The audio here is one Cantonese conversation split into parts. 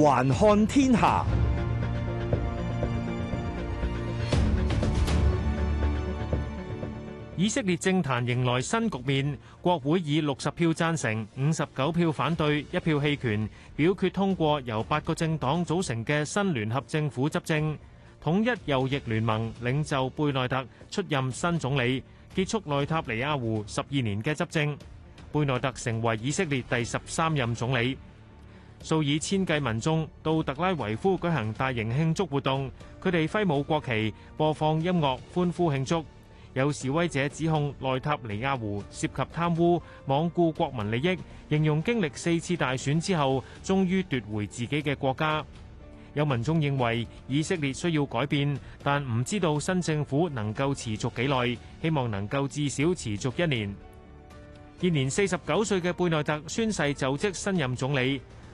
環看天下，以色列政壇迎來新局面，國會以六十票贊成、五十九票反對、一票棄權表決通過，由八個政黨組成嘅新聯合政府執政。統一右翼聯盟領袖貝內特出任新總理，結束內塔尼亞胡十二年嘅執政，貝內特成為以色列第十三任總理。數以千計民眾到特拉維夫舉行大型慶祝活動，佢哋，揮舞國旗、播放音樂，歡呼慶祝。有示威者指控內塔尼亞胡涉及貪污，罔顧國民利益，形容經歷四次大選之後終於奪回自己嘅國家。有民眾認為以色列需要改變，但唔知道新政府能夠持續幾耐，希望能夠至少持續一年。現年四十九歲嘅貝內特宣誓就職新任總理。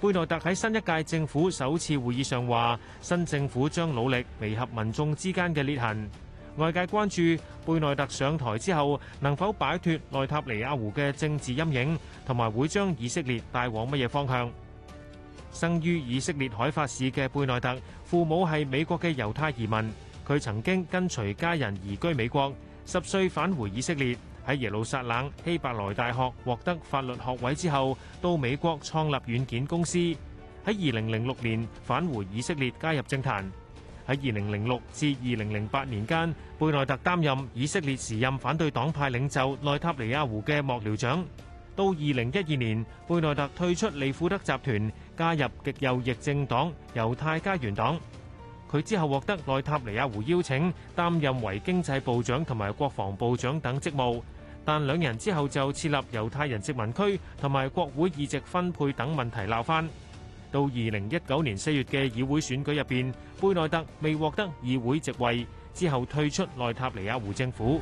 貝內特喺新一屆政府首次會議上話，新政府將努力彌合民眾之間嘅裂痕。外界關注貝內特上台之後能否擺脫內塔尼亞胡嘅政治陰影，同埋會將以色列帶往乜嘢方向？生於以色列海法市嘅貝內特，父母係美國嘅猶太移民，佢曾經跟隨家人移居美國，十歲返回以色列。喺耶路撒冷希伯來大學獲得法律學位之後，到美國創立軟件公司。喺二零零六年返回以色列加入政壇。喺二零零六至二零零八年間，貝內特擔任以色列時任反對黨派領袖內塔尼亞胡嘅幕僚長。到二零一二年，貝內特退出利庫德集團，加入極右翼政黨猶太家園黨。佢之後獲得內塔尼亞胡邀請，擔任為經濟部長同埋國防部長等職務。但兩人之後就設立猶太人殖民區同埋國會議席分配等問題鬧翻。到二零一九年四月嘅議會選舉入邊，貝內特未獲得議會席位，之後退出內塔尼亞胡政府。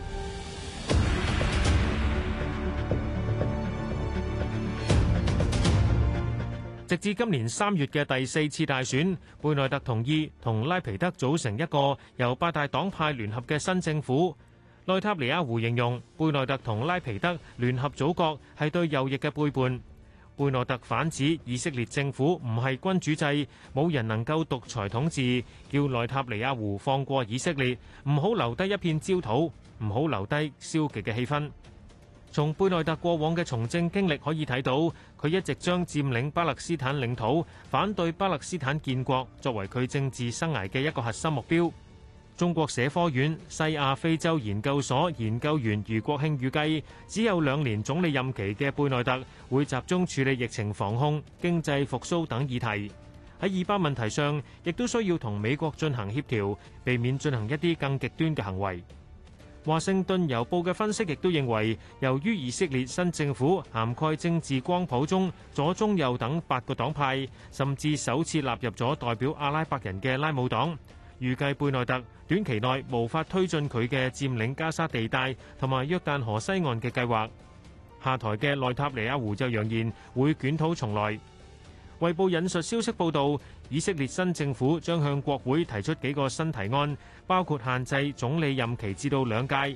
直至今年三月嘅第四次大選，貝內特同意同拉皮德組成一個由八大黨派聯合嘅新政府。內塔尼亞胡形容貝內特同拉皮德聯合組閣係對右翼嘅背叛。貝內特反指以色列政府唔係君主制，冇人能夠獨裁統治，叫內塔尼亞胡放過以色列，唔好留低一片焦土，唔好留低消極嘅氣氛。從貝內特過往嘅從政經歷可以睇到，佢一直將佔領巴勒斯坦領土、反對巴勒斯坦建國作為佢政治生涯嘅一個核心目標。中國社科院西亞非洲研究所研究員余國慶預計，只有兩年總理任期嘅貝內特會集中處理疫情防控、經濟復蘇等議題。喺以巴問題上，亦都需要同美國進行協調，避免進行一啲更極端嘅行為。華盛頓郵報嘅分析亦都認為，由於以色列新政府涵蓋政治光譜中左、中、右等八個黨派，甚至首次納入咗代表阿拉伯人嘅拉姆黨。預計貝內特短期內無法推進佢嘅佔領加沙地帶同埋約旦河西岸嘅計劃。下台嘅內塔尼亞胡就揚言會捲土重來。衛報引述消息報導，以色列新政府將向國會提出幾個新提案，包括限制總理任期至到兩屆。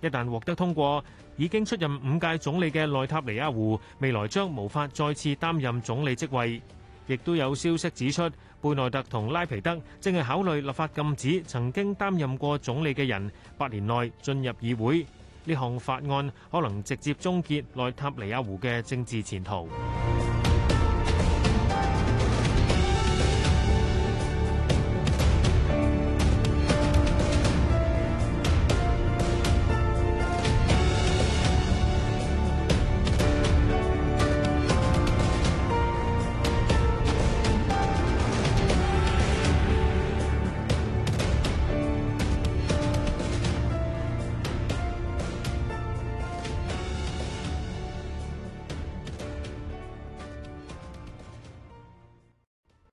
一旦獲得通過，已經出任五屆總理嘅內塔尼亞胡未來將無法再次擔任總理職位。亦都有消息指出，貝內特同拉皮德正係考慮立法禁止曾經擔任過總理嘅人八年內進入議會。呢項法案可能直接終結內塔尼亞胡嘅政治前途。